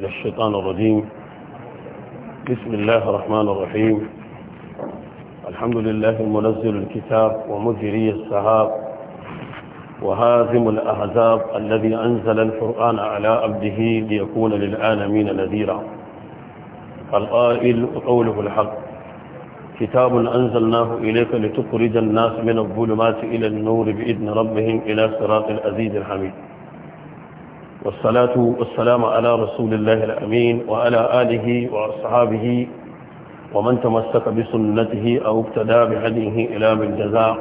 من الشيطان الرجيم بسم الله الرحمن الرحيم الحمد لله منزل الكتاب ومجري السحاب وهازم الأحزاب الذي أنزل القرآن على عبده ليكون للعالمين نذيرا القائل قوله الحق كتاب أنزلناه إليك لتخرج الناس من الظلمات إلى النور بإذن ربهم إلى صراط العزيز الحميد والصلاة والسلام على رسول الله الأمين وعلى آله وأصحابه ومن تمسك بسنته أو ابتدى بهديه إلى بالجزاء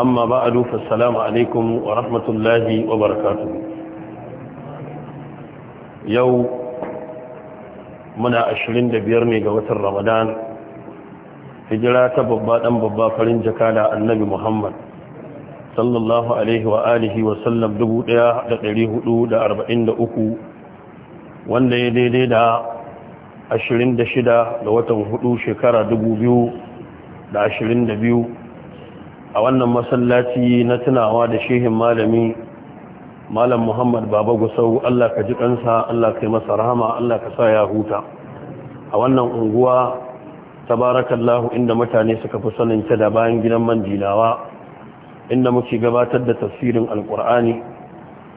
أما بعد فالسلام عليكم ورحمة الله وبركاته يوم منا أشرين دبيرني قوة رمضان hijira ta babba dan babba farin jaka da annabi muhammad sallallahu alaihi wa alihi wa sallam 1443 wanda ya daidai da 26 ga watan 4 shekara 2022 a wannan masallaci na tunawa da shehin malami malam muhammad baba gusau Allah ka ji kansa Allah ka yi masa rahama Allah ka sa ya huta a wannan unguwa tabarakallahu inda mutane suka fi sanin ta da bayan gidan manjinawa inda muke gabatar da tafsirin alkur'ani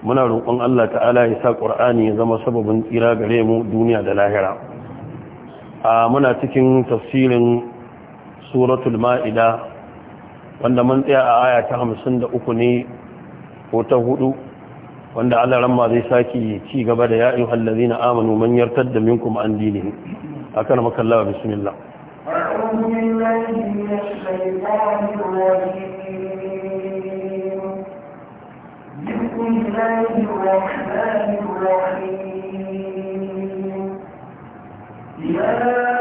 muna roƙon Allah ta'ala ya sa kur'ani ya zama sababin tsira gare mu duniya da lahira a muna cikin tafsirin suratul ma'ida wanda mun tsaya a aya ta hamsin da uku ne ko ta hudu wanda Allah ramma zai saki ci gaba da ya'in hallazi na amanu man yartar da minkum an dini a kan bismillah أعوذ بالله من الشيطان الرجيم الله الرحمن الرحيم يا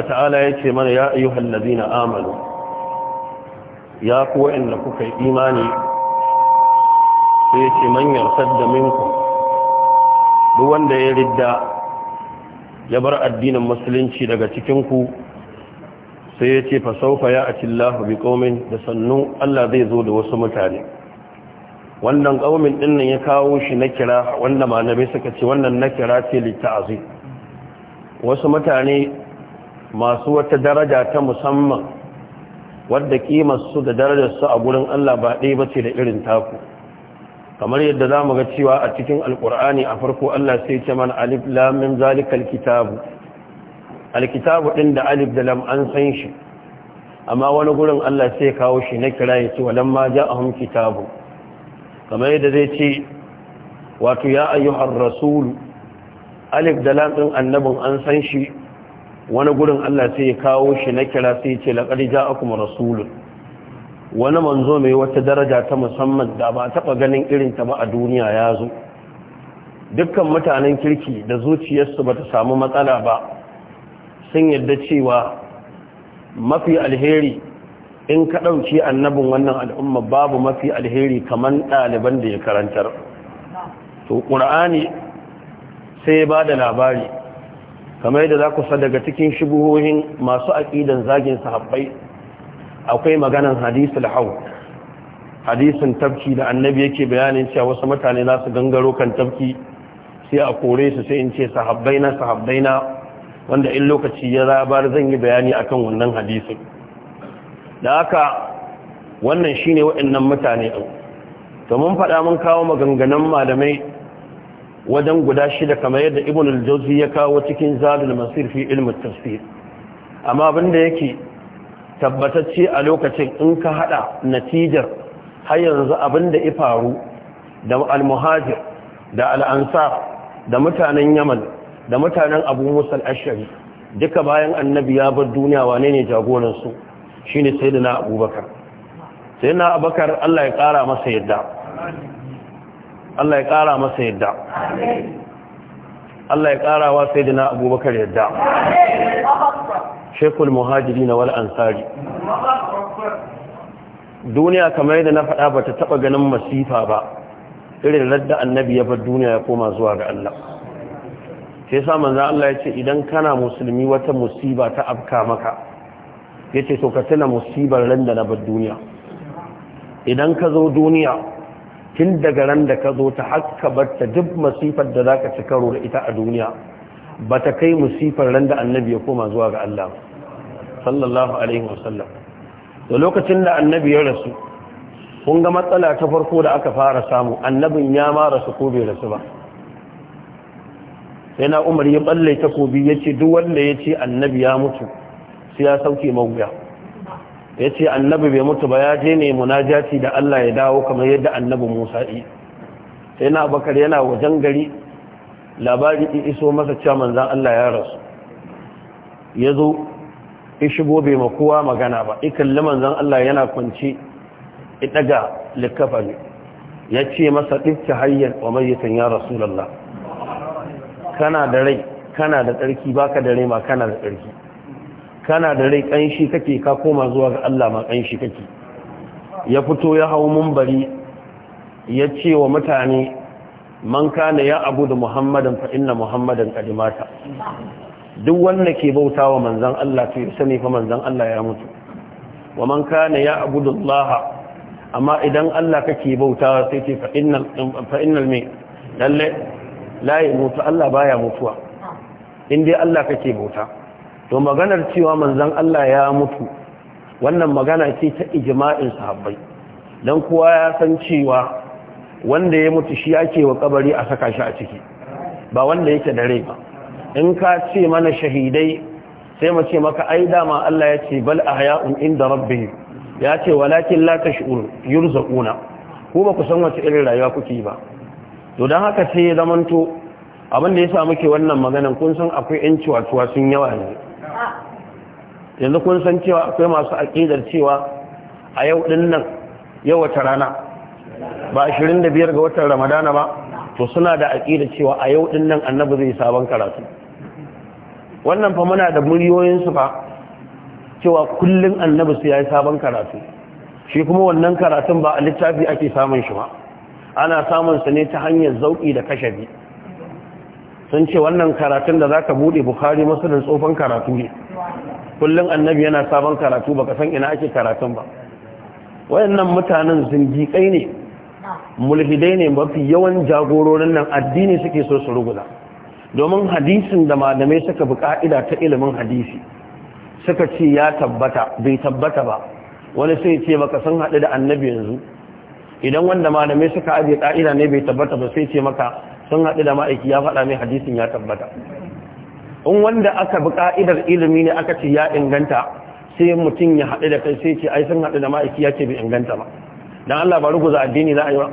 Allah ta'ala ya ce mana ya ayyuhan ladina amanu ya kuwa inda kuka yi imani sai ya ce manyan yarsadda minkum duk wanda ya ridda ya bar addinin musulunci daga cikin ku sai ya ce fa saufa ya ati Allah bi qaumin da sannu Allah zai zo da wasu mutane wannan qaumin din ya kawo shi na kira wanda malamai suka ce wannan na kira ce li wasu mutane masu wata daraja ta musamman wadda su da darajarsu a gurin Allah ba ɗaya ba ce da irin taku kamar yadda za mu ga cewa a cikin alkur'ani a farko Allah sai ce mana alif lamin zalikal kitabu alkitabu ɗin da alif da lam an san shi amma wani gurin Allah sai kawo shi na kira ya ce walan ma ja'ahum kitabu kamar yadda zai ce wato ya ayyuhar rasulu alif da lam ɗin annabin an san shi wani gurin Allah sai ya kawo shi na kira sai ce laqad ja'akum rasulun wani manzo mai wata daraja ta musamman da ba taɓa ganin irin ta ba a duniya ya zo dukkan mutanen kirki da zuciyarsu ba ta samu matsala ba sun yadda cewa mafi alheri in ka ɗauki annabin wannan al'umma babu mafi alheri kamar ɗaliban da ya karantar to ƙura'ani sai ya ba da labari kamar yadda za ku sa daga cikin shubuhohin masu aƙidan zagin sahabbai akwai maganan hadisul hau hadisin tafki da annabi yake bayanin cewa wasu mutane za su gangaro kan tafki sai a kore su sai in ce sahabbai na sahabbai na wanda in lokaci ya zabar zan yi bayani akan wannan hadisun. da haka wannan shine waɗannan mutane ɗin to mun faɗa mun kawo maganganun malamai wajen guda shida kamar yadda ibn al-jawzi ya kawo cikin zadul masir fi ilmi tafsir amma abinda yake tabbatacce a lokacin in ka hada natijar har yanzu abinda ya faru da al-muhajir da al-ansar da mutanen yaman da mutanen abu musa al-ashari duka bayan annabi ya bar duniya wane ne jagoran su shine sayyidina abubakar sayyidina abubakar Allah ya kara masa yadda Allah ya ƙara masa yadda Allah ya ƙara wa sai da na abubakar yadda shekul muhajiri na wal ansari duniya kamar yadda na faɗa ba ta taɓa ganin masifa ba irin radda annabi ya bar duniya ya koma zuwa ga Allah sai sa manzan Allah ya ce idan kana musulmi wata musiba ta afka maka ya ce to ka tuna musibar ran da na bar duniya idan ka zo duniya tun daga ran da ka zo ta haka batta duk masifar da za ka ci karo da ita a duniya ba ta kai musifar ran da annabi ya koma zuwa ga Allah sallallahu alaihi wasallam da lokacin da annabi ya rasu kun ga matsala ta farko da aka fara samu annabin ya ma rasu ko bai rasu ba sai na umar ya balle takobi ya ce duk wanda ya ce annabi ya mutu sai ya sauke mawuya ya ce annabi bai mutu ba ya je ne munajati da Allah ya dawo kamar yadda annabi Musa yi sai na bakar yana wajen gari labari in iso masa cewa manzan Allah ya rasu ya zo shigo bai ma kowa magana ba ikalli manzan Allah yana kwanci ɗaga daga likafa ne ya ce masa ɗifta hayyar wa mayyitan ya rasu kana da rai kana da tsarki baka da rai ma kana da tsarki kana da rai kanshi kake ka koma zuwa ga Allah ma kanshi kake ya fito ya hau mumbari ya ce wa mutane man kana ya abu da muhammadan fa inna muhammadan kadimata duk wanda ke bauta wa manzan Allah to ya sani fa manzan Allah ya mutu wa man kana ya abu da Allah amma idan Allah kake bauta sai ce fa innal fa innal mai lalle la ya mutu Allah baya mutuwa in dai Allah kake bauta to maganar cewa manzon Allah ya mutu wannan magana ce ta ijima'in sahabbai dan kowa ya san cewa wanda ya mutu shi yake wa kabari a saka shi a ciki ba wanda yake da rai ba in ka ce mana shahidai sai mu ce maka ai dama Allah ya ce bal ahya'un inda rabbih ya ce walakin la tash'ur yurzaquna ko ba ku san wace irin rayuwa kuke ba to dan haka sai ya zamanto abin da ya sa muke wannan maganar kun san akwai yanci wasuwa sun yawa ne yanzu kun san cewa akwai masu aƙidar cewa a yau ɗin nan yau wata rana ba 25 ga watan ramadana ba to suna da aƙidar cewa a yau ɗin nan annabi zai sabon karatu wannan fa muna da muryoyinsu ba cewa kullum annabi su ya yi sabon karatu shi kuma wannan karatun ba a littafi ake samun shi ba ana samun sa ne ta hanyar zauƙi da kashafi sun ce wannan karatun da za ka bude bukhari musulun tsofan karatu ne kullum annabi yana sabon karatu ba san ina ake karatun ba wayannan mutanen zindiƙai ne mulhidai ne mafi yawan jagororin nan addini suke so su rugula. domin hadisin da malamai suka bi ka'ida ta ilimin hadisi suka ce ya tabbata bai tabbata ba wani sai ce maka sun haɗu da annabi yanzu idan wanda malamai suka ajiye ka'ida ne bai tabbata ba sai ce maka sun haɗu da ma'aiki ya faɗa mai hadisin ya tabbata in wanda aka bi ka'idar ilimi ne aka ce ya inganta sai mutum ya haɗu da kai sai ce ai sun haɗu da ma'aiki ya ce bi inganta ba don Allah ba ruguza addini za a yi ba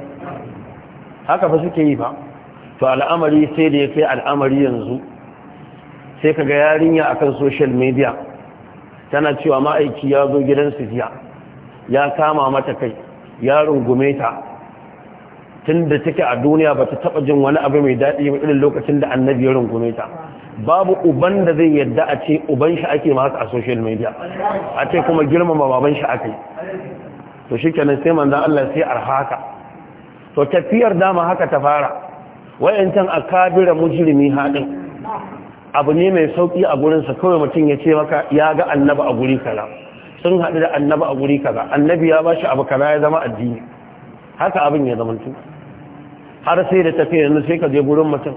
haka fa suke yi ba? to al'amari sai da ya kai al'amari yanzu sai ka ga yarinya a kan social media tana cewa ma'aiki ya zo gidan su jiya ya kama mata kai ya rungume ta tun da take a duniya ba ta taba jin wani abu mai daɗi ba irin lokacin da annabi ya rungume ta babu uban da zai yadda a ce uban shi ake ma haka a social media a ce kuma girmama baban shi ake to shi kenan sai manzan Allah sai arha haka to tafiyar dama haka ta fara wayancan a kabira mujirimi haɗin abu ne mai sauƙi a gurinsa kawai mutum ya ce maka ya ga annaba a guri kaza sun haɗu da annaba a guri kaza annabi ya ba shi abu kaza ya zama addini haka abin ya zama tun har sai da tafiya yanzu sai ka je gurin mutum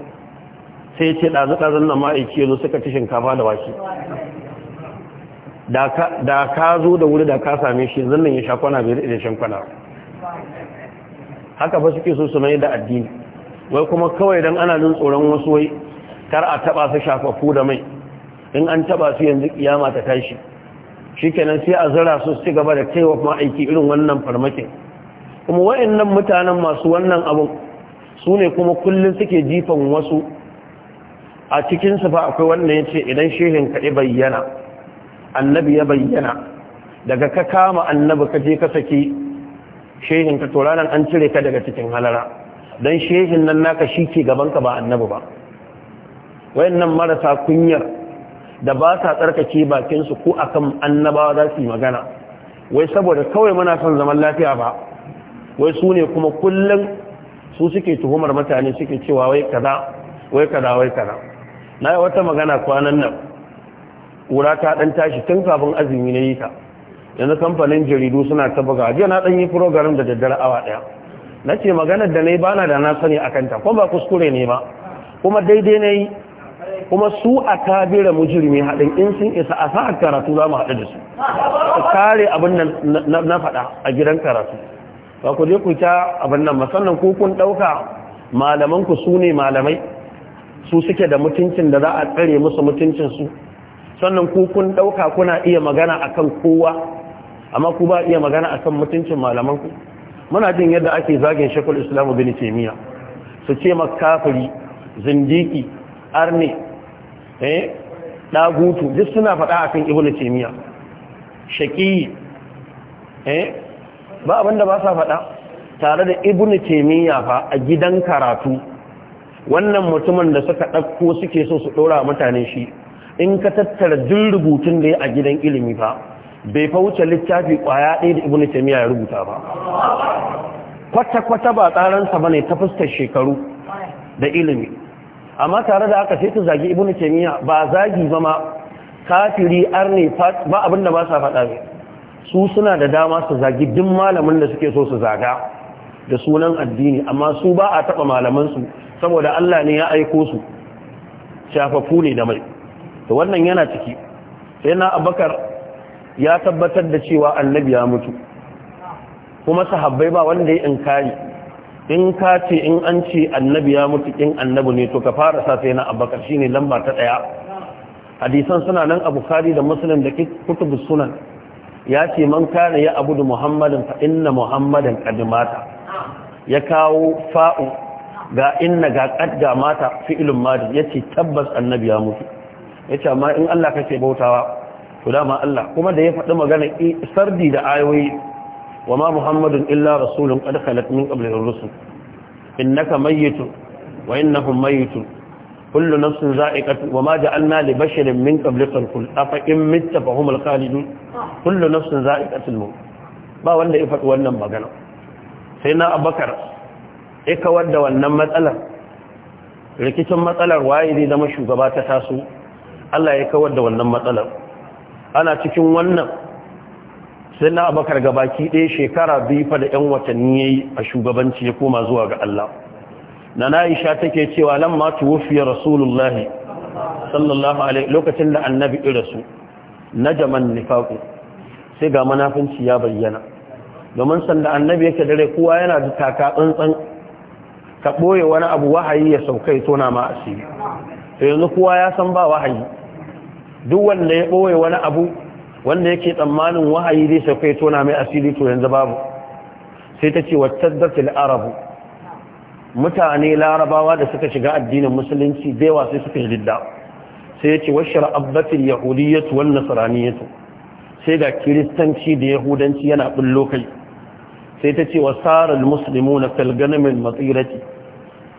sai ce ɗazu-ɗazun na ma'aiki yanzu suka ci shinkafa da wake da ka zo da wuri da ka same shi zannan ya sha kwana bai da shan kwana haka ba suke so su mai da addini wai kuma kawai don ana jin tsoron wasu wai kar a taba su shafafu da mai in an taba su yanzu kiyama ta tashi shikenan sai a zara su su gaba da kaiwa ma'aiki irin wannan farmakin kuma wayannan mutanen masu wannan abun su ne kuma kullum suke jifan wasu a cikinsu ba akwai wanda ya ce idan shehin ka bayyana annabi ya bayyana daga ka kama annabi ka je ka saki shehin ka turanan an cire ka daga cikin halara don shehin nan naka shi ke gabanka ba annabi ba nan marasa kunyar da ba sa tsarkake bakinsu ko akan annabawa za su yi magana wai saboda kawai muna son zaman lafiya ba wai su ne kuma kullum su suke tuhumar mutane suke cewa wai kaza wai kaza wai kaza na yi wata magana kwanan nan ƙura ta ɗan tashi tun kafin azumi na yi ta yanzu kamfanin jaridu suna ta buga jiya na ɗan yi program da daddare awa ɗaya na ce maganar da na yi ba na da na sani a kanta kuma ba kuskure ne ba kuma daidai na yi kuma su a kabira mujirmi haɗin in sun isa a sa'ar karatu za mu haɗu da su kare abin na faɗa a gidan karatu ba ku je ku ta abin nan musamman ku kun ɗauka malamanku su ne malamai su suke da mutuncin da za a tsare musu mutuncinsu sannan ku kun ɗauka kuna iya magana akan kowa amma ku ba iya magana akan mutuncin malamanku muna jin yadda ake zagin shekul islamu bin taimiyya su ce makafiri zindiki arne eh ɗagutu duk suna faɗa akan ibn taimiyya shaƙi eh ba abinda ba sa faɗa tare da ibnu taymiya fa a gidan karatu wannan mutumin da suka ɗauko suke so su ɗora mutane shi in ka tattara duk rubutun da ya a gidan ilimi fa bai fauce littafi kwaya ɗaya da ibnu taymiya ya rubuta ba kwata-kwata ba tsaransa bane ta fuskar shekaru da ilimi amma tare da aka sai ta zagi ibnu taymiya ba zagi ba ma kafiri arne ba abinda ba sa faɗa ne su suna da dama su zagi duk malamin da suke so su zaga da sunan addini amma su ba a taɓa malamansu saboda Allah ne ya aiko su shafafu ne da mai da wannan yana ciki sai na abakar ya tabbatar da cewa annabi ya mutu kuma sahabbai ba wanda ya inkari in ka ce in an ce annabi ya mutu in annabi ne to ka fara sa sai na abakar shine lamba ta daya hadisan suna nan a bukhari da muslim da kutubu sunan ya ce man kana ya abu da muhammadin fa inna muhammadin kadimata ya kawo fa'u ga inna ga kadda mata fi'ilun madi ya ce tabbas annabi ya mutu yace ce amma in Allah kake bautawa to dama Allah kuma da ya faɗi magana sardi da ayoyi wa ma muhammadun illa rasulun qad khalat min qablihi rusul innaka mayyitun wa innahum mayyitun kullu nafsin za'iqatu wa ma ja'alna li basharin min qablika al-khuld afa in mitta fa humul khalidun kullu nafsin za'iqatul maut ba wanda ya faɗi wannan magana sai na abakar ya kawar da wannan matsalar rikicin matsalar waye zai zama shugaba ta taso Allah ya kawar da wannan matsalar ana cikin wannan sai na abakar gabaki ɗaya shekara biyu fa da ƴan watanni ya yi a shugabanci ya koma zuwa ga Allah na na'isha take cewa lamma tuwfiya rasulullahi sallallahu alaihi lokacin da annabi irasu najaman nifaqu sai ga munafinci ya bayyana domin sanda annabi yake dare kowa yana da taka tsantsan ka boye wani abu wahayi ya saukai tona ma asiri to yanzu kowa ya san ba wahayi duk wanda ya boye wani abu wanda yake tsammanin wahayi zai saukai tona mai asiri to yanzu babu sai ta ce wacce dartil arabu mutane larabawa da suka shiga addinin musulunci da yawa sai suka shidda sai ce washar abbatil yahudiyyatu wan nasraniyatu sai ga kiristanci da yahudanci yana bullo kai sai ta ce wa saral muslimuna kal ganamin matsirati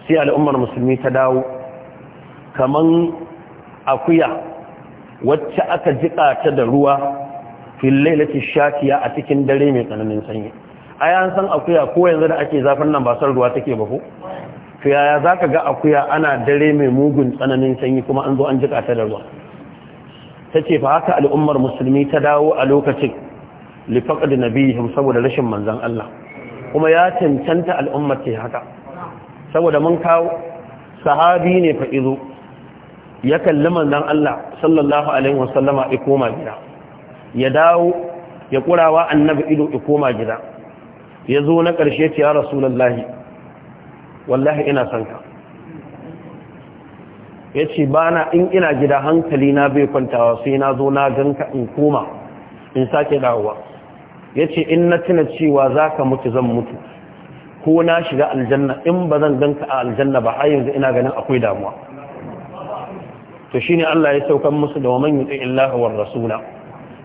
sai al'ummar musulmi ta dawo kaman akuya wacce aka jika ta da ruwa fil lailati shatiya a cikin dare mai tsananin sanyi ai an san akuya ko yanzu da ake zafin nan ba ruwa take ba ko to yaya zaka ga akuya ana dare mai mugun tsananin sanyi kuma an zo an jika ta da ruwa tace fa haka al'ummar musulmi ta dawo a lokacin li faqad nabihim saboda rashin manzon Allah kuma ya cancanta al'ummar ce haka saboda mun kawo sahabi ne fa izo ya kalli manzon Allah sallallahu alaihi wasallama ya koma gida ya dawo ya kurawa annabi ido ikoma koma gida ya zo na ƙarshe ce ya rasulallahi wallahi ina son ka ya ce ba na in ina gida hankali na bai kwantawa sai na zo na ganka in koma in sake dawowa ya ce in na tuna cewa za ka mutu zan mutu ko na shiga aljanna in ba zan ganka a aljanna ba a yanzu ina ganin akwai damuwa to shi ne Allah ya saukan musu da wa man yuti illahi war rasula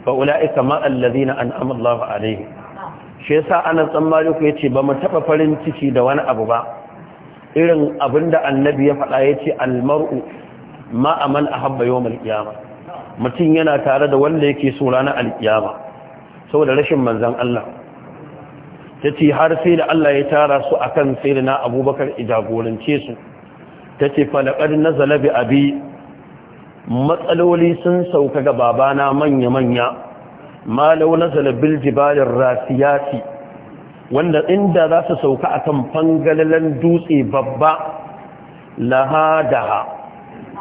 fa ulaika ma'allazina an an'ama Allahu shi yasa ana dan ku yace ba mu taba farin ciki da wani abu ba irin abinda annabi ya faɗa yace almar'u ma aman ahabba yawmal qiyama mutum yana tare da wanda yake so ranar alqiyama saboda rashin manzon Allah tace har sai da Allah ya tara su akan sayyidina Abubakar ijagorance su tace fa laqad nazala bi abi matsaloli sun sauka ga babana manya manya ma launa bil jibalin rasiyati wanda inda za su sauka a kan fangalalan dutse babba lahadaha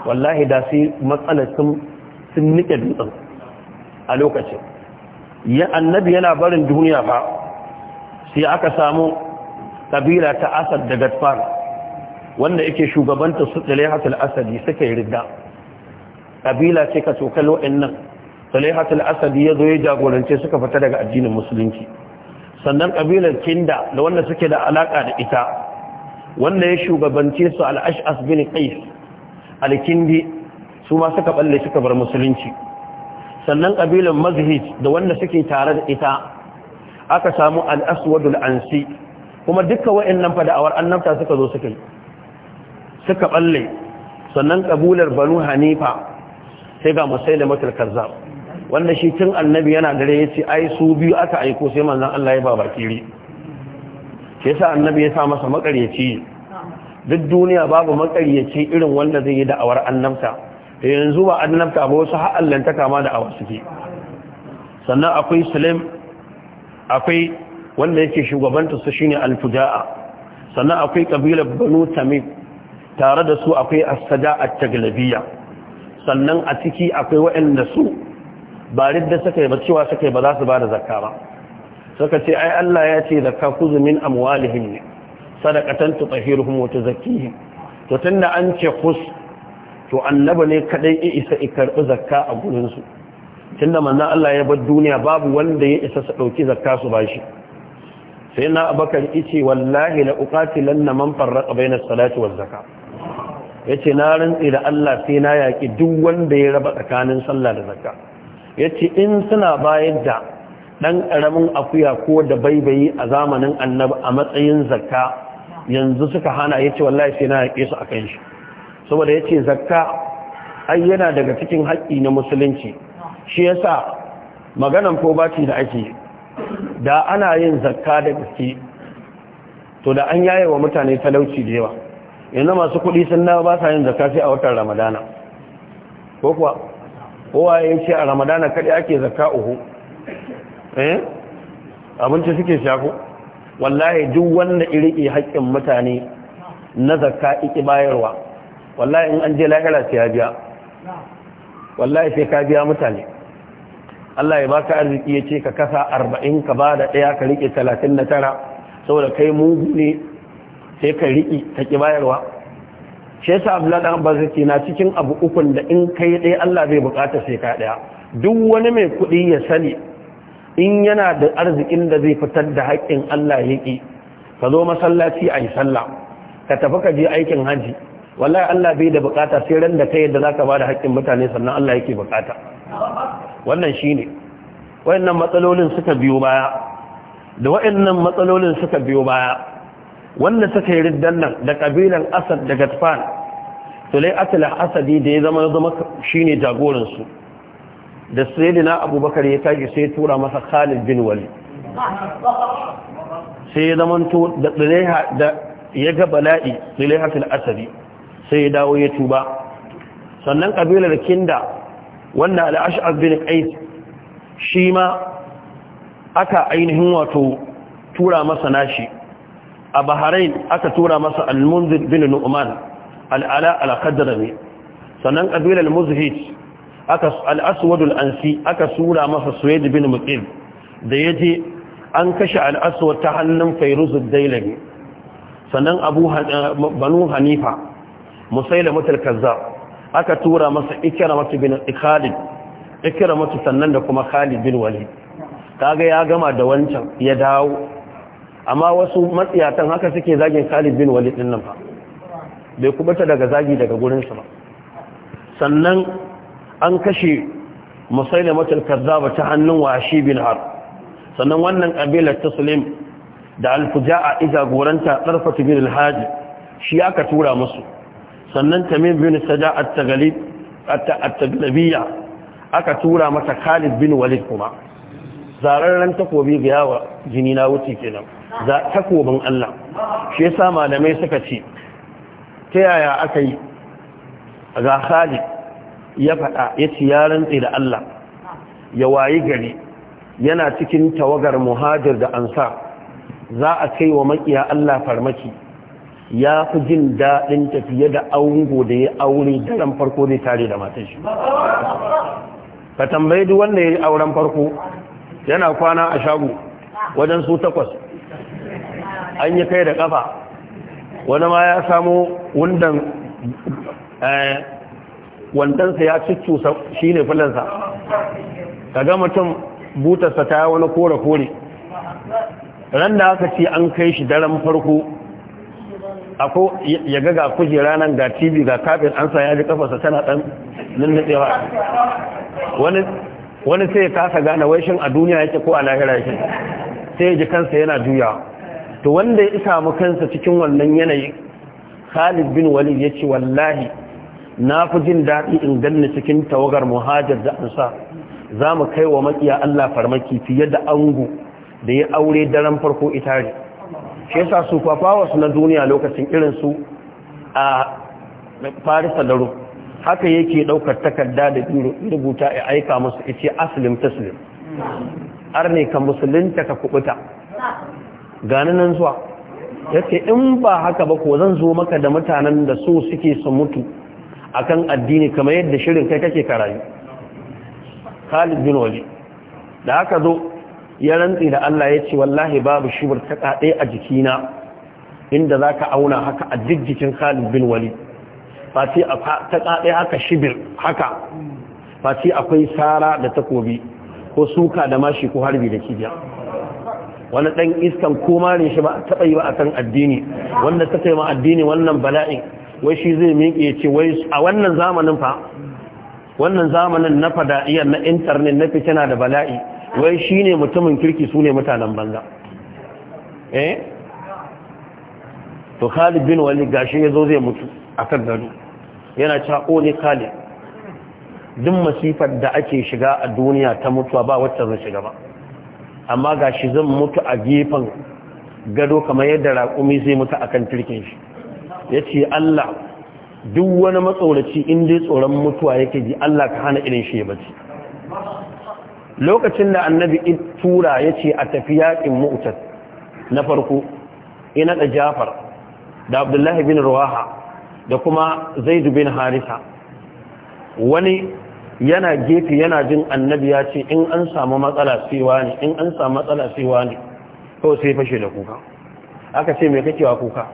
wallahi da sai matsala sun nike dutsen a lokacin ya annabi yana barin duniya fa sai aka samu kabila ta asad da gadfar wanda yake shugabanta su ɗale asadi suka yi ridda kabila ce ka tokalo nan Salihatu asadi ya zo ya jagorance suka fita daga addinin musulunci sannan ƙabilar Kinda da wanda suke da alaka da ita wanda ya shugabance su al-Ash'as bin Qais al-Kindi su ma suka balle suka bar musulunci sannan kabilar Mazhij da wanda suke tare da ita aka samu al-Aswadul Ansi kuma dukkan wayannan da'awar annabta suka zo suka suka balle sannan kabular Banu Hanifa sai ga musailamatul kazzab wanda shi tun annabi yana dare ya ce ai su biyu aka aiko sai manzan Allah ya baba kiri ke yasa annabi ya sa masa makaryaci duk duniya babu makaryaci irin wanda zai yi da'awar annabta da yanzu ba annabta ba wasu ha'allan ta kama da awa suke sannan akwai salim akwai wanda yake shugabanta su shine alfujaa. sannan akwai kabilar banu tamim tare da su akwai as-sada at sannan a ciki akwai waɗanda su ba ridda suka yi ba cewa suka yi ba za su ba da zakka ba suka ce ai Allah ya ce zakka kuzu min amwalihim ne sadaqatan tutahhiruhum wa tuzakkihim to tunda an ce kus, to annaba ne kadai ya isa i zakka a gurin su tunda manzon Allah ya bar duniya babu wanda ya isa su dauki zakka su bashi sai na abakar yace wallahi la uqatilanna man farraqa bayna salati waz zakka yace na rantsi da Allah sai na yaki duk wanda ya raba tsakanin sallah da zakka ya ce in suna bayar da ɗan ƙaramin akuya ko da baibayi a zamanin annabi a matsayin zakka yanzu suka hana ya ce wallahi sai na haƙe su a kan shi saboda ya ce zakka ai yana daga cikin haƙƙi na musulunci shi ya sa maganan probati da ake da ana yin zakka da gaske to da an yaye wa mutane talauci da yawa yanzu masu kuɗi sun na ba sa yin zakka sai a watan ramadana ko kuwa kowa ya ce a ramadana kaɗai ake zaka uhu eh abinci suke shako wallahi duk wanda iriki haƙƙin mutane na zaka iki bayarwa wallahi in an je lahira sai ya biya wallahi sai ka biya mutane Allah ya baka arziki ya ce ka kasa arba'in ka ba da ɗaya ka riƙe talatin da tara saboda kai mugu ne sai ka riƙe ta ƙi bayarwa shi yasa abdullahi dan abbas yake na cikin abu ukun da in kai dai Allah zai bukata sai ka daya duk wani mai kuɗi ya sani in yana da arzikin da zai fitar da haƙƙin Allah yake ka zo masallaci a yi sallah ka tafi ka je aikin haji wallahi Allah bai da bukata sai ran da kai yadda zaka ba da haƙƙin mutane sannan Allah yake bukata wannan shine wayannan matsalolin suka biyo baya da wayannan matsalolin suka biyo baya wanda suka yi riddan nan da ƙabilan asad da gatfan sulai atila asadi da ya zama zama ne jagoransu da na abubakar ya tashi sai ya tura masa khalid bin wali sai ya zama to da sulaiha da ya ga bala'i sulaihatul asadi sai ya dawo ya tuba sannan kabilar kinda wannan al bin qais shi ma aka ainihin wato tura masa nashi a bahrain aka tura masa al-munzir bin nu'man al-ala al-qadrami sannan al muzhid aka al-aswad al-ansi aka tura masa suwaid bin muqim da yaji an kashe al-aswad ta hannun fayruz al dailami sannan abu eh, banu hanifa musailamah al-kazzab aka tura masa ikramah bin khalid ikramat sannan da kuma khalid bin walid kaga ya gama da wancan ya dawo amma wasu matsiyatan haka suke zagin Khalid bin Walid din nan ba. bai kubata daga zagi daga gurin ba sannan an kashe Musailamatul Kazzaba ta hannun Washi bin Har sannan wannan kabilar Taslim da al a iza goranta tsarfata bin Al-Haji shi aka tura musu sannan Tamim bin Sada at-Taglib at aka tura mata Khalid bin Walid kuma zararren takobi ga yawa jini na wuce kenan za takobin Allah shi yasa malamai suka ce ta yaya aka yi ga Khalid ya faɗa ya ci ya rantse da Allah ya wayi gari yana cikin tawagar muhajir da ansa za a kai wa makiya Allah farmaki ya fi jin daɗin tafiye da aungo da ya aure daren farko zai tare da matashi ka tambayi duk wanda ya yi auren farko yana kwana a shago wajen su takwas an yi kai da kafa wani ma ya samu wundan eh, wandansa ya cicusa shi ne filansa kaga mutum butarsa ta wani kore-kore ran da aka ce an kai shi daren farko ako ya ga kujera nan ga tv ga kafin an sa ya ji kafarsa tana dan nannatsewa wani wani sai ya kasa gane wai shin a duniya yake ko a lahira yake sai ji kansa yana juya to wanda ya isa mu kansa cikin wannan yanayi Khalid bin Walid yace wallahi na fi jin daɗi in ganni cikin tawagar muhajir da ansa za mu kai wa makiya Allah farmaki fiye da ango da ya aure daren farko itare shi yasa su kwafa su na duniya lokacin irin su a Paris da Rome haka yake ɗaukar takarda da rubuta ya aika musu ita aslim taslim arne ka musulunta ka kubuta gani nan zuwa yake in ba haka ba ko zan zo maka da mutanen da so suke su mutu akan addini kamar yadda shirin kai kake karayu khalid bin wali da haka zo ya rantsi da Allah ya ce wallahi babu shubur ta kaɗai a jikina inda za ka auna haka a duk jikin khalid bin wali fati ta tsaɗe haka shibir haka fati akwai sara da takobi ko suka da mashi ko harbi da kibiya wani ɗan iskan koma ne shi ba taɓa yi ba akan kan addini wanda ta kai addini wannan bala'in wai shi zai miƙe ce wai a wannan zamanin fa wannan zamanin na fada'iya na intanet na fitina da bala'i wai shi ne mutumin kirki su ne mutanen banza eh to khalid bin wali gashi ya zo zai mutu a kan gado yana cewa oh, ne kale duk masifar da ake shiga a duniya ta mutuwa ba wacce zan shiga ba amma ga shi zan mutu a gefen gado kamar yadda raƙumi zai mutu akan turkin shi ya ce Allah duk wani matsoraci inda tsoron mutuwa yake ji Allah ka hana irin shi ya bace lokacin da annabi tura ya ce a tafi yaƙin mu'utat na farko ina da jafar da abdullahi bin ruwaha da kuma Zaidu bin harisa wani yana gefe yana jin annabi ya ce in an samu matsala cewa ne in an samu matsala cewa ne to sai fashe da kuka aka ce mai kakewa kuka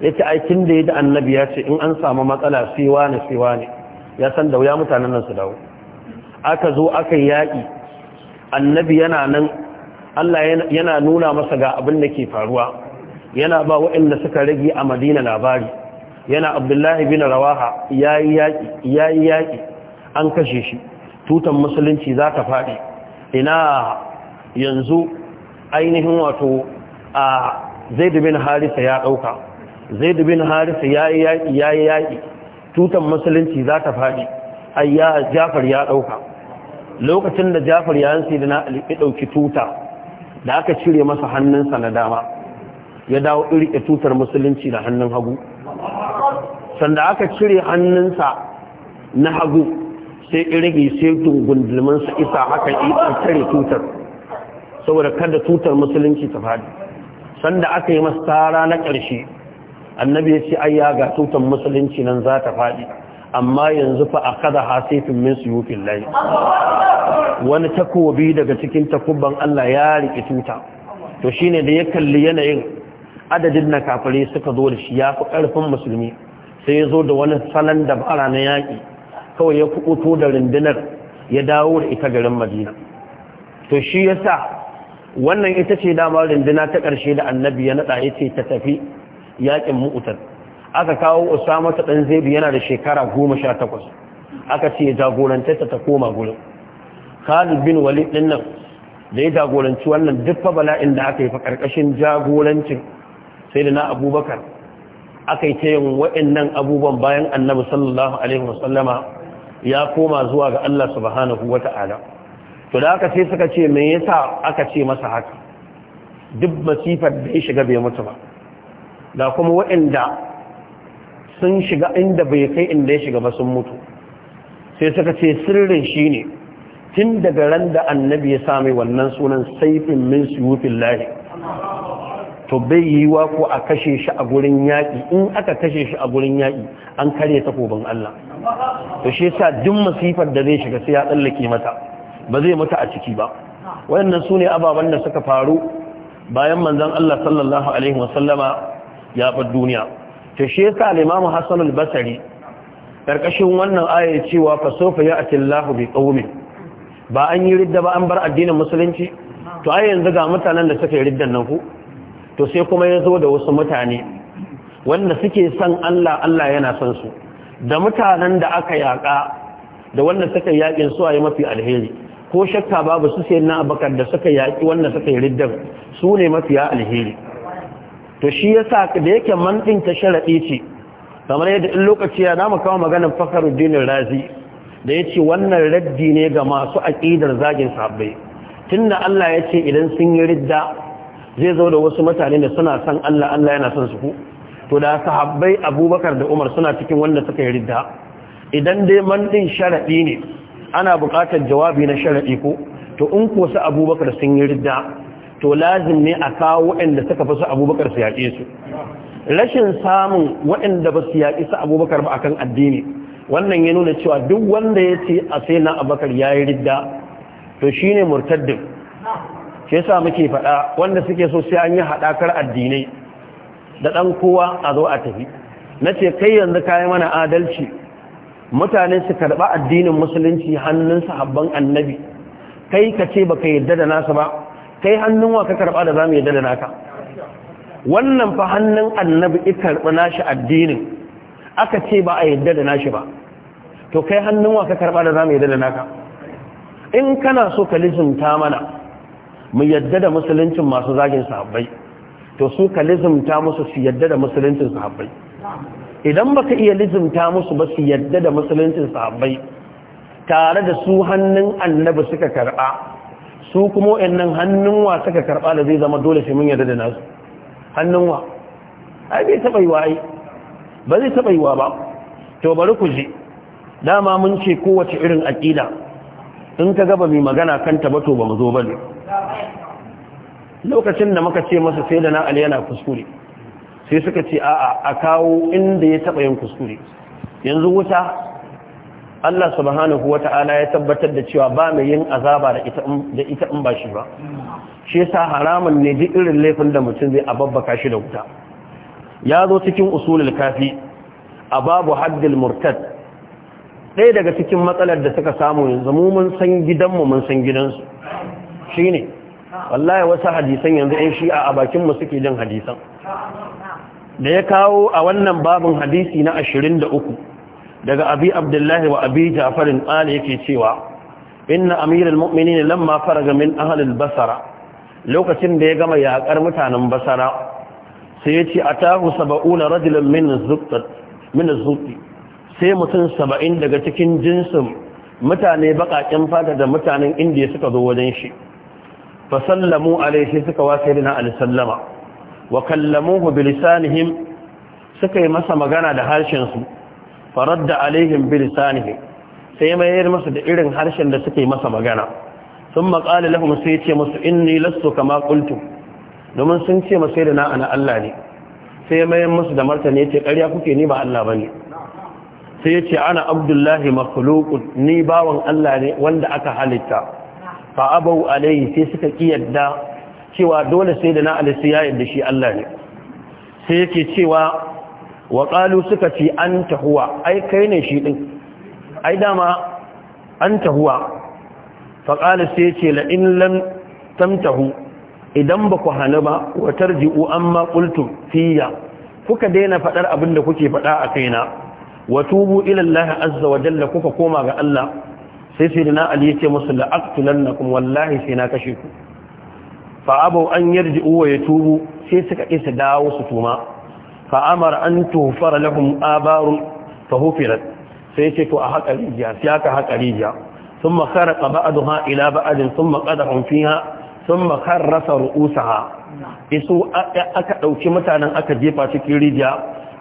ya ce aikin da ya da annabi ya ce in an samu matsala cewa ne cewa ne ya san da wuya mutanen nan su dawo aka zo aka yaƙi annabi yana nan Allah yana nuna masa ga abin da ke faruwa yana ba wa'inda suka rage a madina labari yana abdullahi bin rawaha ya yi yaƙi an kashe shi tutan musulunci za ta faɗi ina yanzu ainihin wato a zai dubin harisa ya ɗauka zai dubin harisa yaƙi ya yi yaƙi tutan musulunci za ta faɗi ya jafar ya ɗauka lokacin da jafar ya sai da na ɗauki tuta da aka cire masa hannunsa na dama ya dawo ɗirƙe tutar musulunci da hannun hagu sanda aka cire hannunsa na hagu sai irigi sai gundulmansa isa haka ita cire tutar saboda kada tutar musulunci ta fadi sanda aka yi masa tara na ƙarshe annabi ya ce ayya ga tutar musulunci nan za ta fadi amma yanzu fa a kada hasifin min suyufin layi wani takobi daga cikin takubban Allah ya riƙe tuta to shine da ya kalli yanayin adadin na kafare suka zo da shi ya fi ƙarfin musulmi sai ya zo da wani salon dabara na yaƙi kawai ya kuɓuto da rundunar ya dawo da ita garin madina to shi ya sa wannan ita ce dama runduna ta ƙarshe da annabi ya naɗa ya ce ta tafi yaƙin mu'utar aka kawo usama ta ɗan zai yana da shekara goma sha takwas aka ce jagorantarsa ta koma gurin khalid bin walid ɗin nan da ya jagoranci wannan duk fa bala'in da aka yi fa ƙarƙashin jagorancin sai da na abubakar aka yi ta yin waɗannan abubuwan bayan annabi sallallahu alaihi wasallama ya koma zuwa ga Allah subhanahu ta'ala. to da aka sai suka ce me yasa aka ce masa haka duk masifar da ya shiga bai mutu ba da kuma waɗanda sun shiga inda bai kai inda ya shiga ba sun mutu sai suka ce sirrin shine tun daga ran da annabi ya sami wannan sunan saifin min suyufin lahi to bai yi wa ko a kashe shi a gurin yaƙi in aka kashe shi a gurin yaƙi an karya takobin Allah to shi yasa duk masifar da zai shiga sai ya tsallake mata ba zai mutu a ciki ba wayannan sune ababen da suka faru bayan manzon Allah sallallahu alaihi wasallama ya bar duniya to shi yasa al-Imam Hassan al-Basri karkashin wannan aya cewa fa sawfa ya'ti Allahu bi qaumin ba an yi ridda ba an bar addinin musulunci to ai yanzu ga mutanen da suka yi riddan nan ku to sai kuma ya zo da wasu mutane wanda suke son Allah Allah yana son su da mutanen da aka yaƙa da wanda suka yaƙin su a yi mafi alheri ko shakka babu su sai na abakar da suka yaƙi wanda suka yi riddan su ne mafi alheri to shi ya sa da yake mantin ta sharaɗi ce kamar yadda in lokaci ya namu kawo maganar fakaruddin razi da ya ce wannan raddi ne ga masu aƙidar zagin sabbai tunda Allah ya ce idan sun yi ridda zai zo da wasu mutane da suna san Allah Allah yana son su ku to da sahabbai abubakar da umar suna cikin wanda suka yi ridda idan dai man sharaɗi ne ana buƙatar jawabi na sharaɗi ko to in ko su abubakar sun yi ridda to lazim ne a kawo waɗanda suka fi su abubakar su yaƙe su rashin samun waɗanda ba su yaƙi su abubakar ba akan addini wannan ya nuna cewa duk wanda ya ce a sai na abubakar ya yi ridda to shine murtaddin shi yasa muke faɗa wanda suke so sai an yi haɗakar addinai da ɗan kowa a zo a tafi na ce kai yanzu kayi mana adalci mutane su karɓa addinin musulunci hannun sahabban annabi kai ka ce ka yarda da nasa ba kai hannun wa ka karɓa da zamu yarda da naka wannan fa hannun annabi ya karɓi nashi addinin aka ce ba a yarda da nashi ba to kai hannun wa ka karɓa da zamu yarda da naka in kana so ka lizinta mana mu yadda da musuluncin masu zagin sahabbai to su ka lizimta musu su yadda da musuluncin sahabbai idan baka iya lizimta musu ba su yadda da musuluncin sahabbai tare da su hannun annabi suka karba su kuma wayannan hannun wa suka karba da zai zama dole sai mun yadda da nasu hannun wa ai bai taba yiwa ai ba zai taba yiwa ba to bari ku ji dama mun ce kowace irin aqida in ka gaba mai magana kanta ba to ba mu zo bane lokacin da muka ce masa sai da na ali yana kuskure sai suka ce a'a a kawo inda ya taɓa yin kuskure yanzu wuta Allah subhanahu wata'ala ya tabbatar da cewa ba mai yin azaba da ita in ba shi ba shi yasa haramun ne duk irin laifin da mutum zai ababbaka shi da wuta ya zo cikin usulul kafi a babu haddil murtad ɗaya daga cikin matsalar da suka samu yanzu mu mun san gidanmu mun san gidansu shine wallahi wasu hadisan yanzu 'Yan shi'a a bakinmu suke jin hadisan da ya kawo a wannan babin hadisi na ashirin daga abi abdullahi wa abi jafarin ƙala yake cewa inna amiral mu'mini ne lamma faraga min ahalin basara lokacin da ya gama yaƙar mutanen basara sai ya ce a tahu saba'una rajulan min zubti sai mutum saba'in daga cikin jinsin mutane baƙaƙen fata da mutanen indiya suka zo wajen shi fasallamu alaihi suka wasa na alisallama wa kallamuhu lisanihim suka yi masa magana da harshensu faradda alaihim lisanihim sai mai yi masa da irin harshen da suka yi masa magana sun maƙali lahum sai ce musu inni lasso kama qultu domin sun ce masu yadda na ana Allah ne sai mai musu da martani ce ƙarya kuke ni ba Allah ba ne sai ya ce ana abdullahi makhluqun ni bawan Allah ne wanda aka halitta fa abau alai sai suka kiyarda cewa dole sai da na alisu ya yarda shi Allah ne sai yake cewa wa qalu suka ci an tahuwa ai kai ne shi din ai dama anta huwa fa qala sai yace la in lam tamtahu idan ba ku hana ba wa tarji'u amma qultum fiya kuka daina fadar abin da kuke fada a kaina wa tubu ila Allah azza wa jalla kuka koma ga Allah sai sai na ali yace musu la'aqtulannakum wallahi sai na kashe ku fa abau an uwa ya tubu sai suka isa dawo su tuma fa amara an tufara lahum abarun fa hufirat sai yace to a haƙa rijiya sai aka haƙa rijiya ila ba'adin. بعضها إلى بعض ha. قدحهم فيها rasa ru'usa ha. isu aka ɗauki mutanen aka jefa cikin rijiya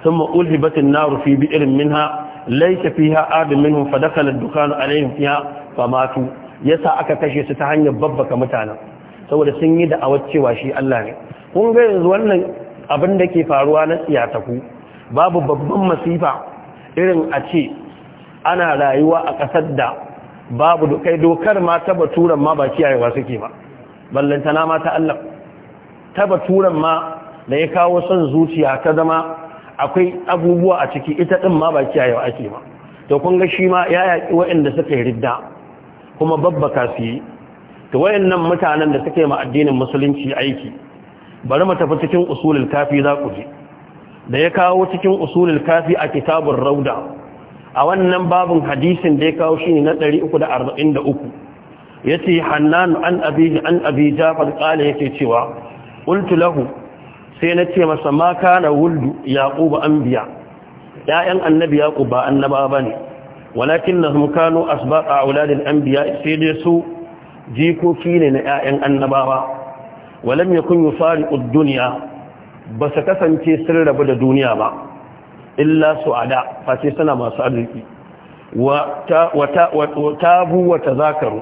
sun ma'ulhibatin bi irin bi'irin minha laika fiha adam minhum fa dakala ad-dukan fiha yasa aka kashe su ta hanyar babbaka mutanen saboda sun yi da'awar cewa shi Allah ne kun ga yanzu wannan abin da ke faruwa na tsiyataku babu babban masifa irin a ce ana rayuwa a ƙasar da babu kai dokar ma taba turan ma ba kiyayewa suke ba ballantana ma ta Allah taba turan ma da ya kawo son zuciya ta zama akwai abubuwa a ciki ita din ma ba kiyaye wa ake ba to kun ga shi ma ya yaki waɗanda suka yi ridda kuma babbaka su yi to wayannan mutanen da suka yi ma addinin musulunci aiki bari mu tafi cikin usulul kafi za ku ji da ya kawo cikin usulul kafi a kitabun rauda a wannan babin hadisin da ya kawo shi ne na 343 yace hannan an abi an abi jafar qala yake cewa qultu lahu sai na ce masa ma na wuldu yaquba anbiya ya'yan annabi yaqub ba ne. annaba bane walakinnahum kanu asbaqa auladil anbiya sai dai su jikoki ne na ya'yan annabawa walam yakun yufariqu ad duniya? ba su kasance sun rabu da duniya ba illa da, face suna masu arziki wata, ta wata, ta wata, tazakaru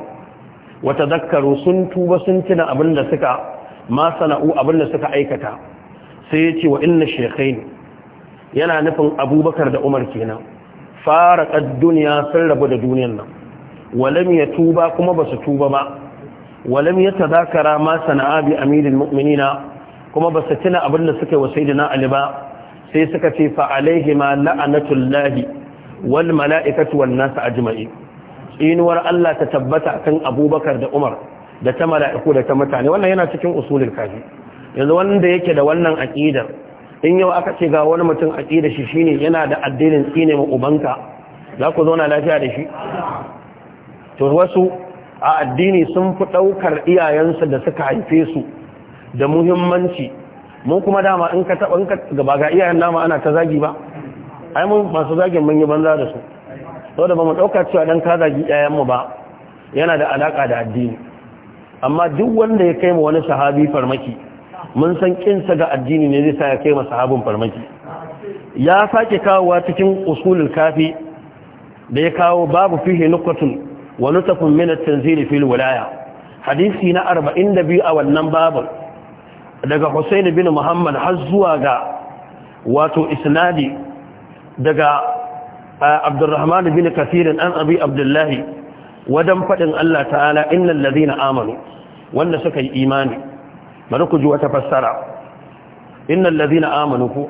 wa tadhakkaru sun tuba sun tuna abinda suka ma sana'u abinda suka aikata sai ya ce wa inna ne yana nufin abubakar da umar kenan fara duniya sun rabu da duniyan nan walam ya tuba kuma ba su tuba ba walam ya tazakara ma sana'a bi amirin mu'minina kuma ba su tuna abin da suka wa na ali ba sai suka ce fa alaihi ma la'anatullahi wal mala'ikatu wan nas ajma'in tsinuwar Allah ta tabbata kan abubakar da umar da ta mala'iku da ta mutane wannan yana cikin usulul kafi yanzu wanda yake da wannan aqidar in yau aka ce ga wani mutum aqidar shi shine yana da addinin tsine ma ubanka za ku zauna lafiya da shi to wasu a addini sun fi daukar iyayensu da suka haife su da muhimmanci mu kuma dama in ka taba in ka gaba ga iyayen dama ana ta zagi ba ai mun masu zagin mun yi banza da su saboda ba mu dauka cewa dan ka zagi iyayen mu ba yana da alaka da addini amma duk wanda ya kai mu wani sahabi farmaki mun san kinsa ga addini ne zai sa ya kai masahabin farmaki ya sake kawowa cikin usulul kafi da ya kawo babu fihi nukatun wa nutafun min at-tanzil fil wilaya hadisi na 42 a wannan babin daga Husayn bin Muhammad har zuwa ga wato isnadi daga Abdurrahman bin Kathir an Abi Abdullahi, wadan faɗin Allah ta'ala innal ladina amanu wanda suka yi imani bari ku ji wata fassara innal ladina amanu ku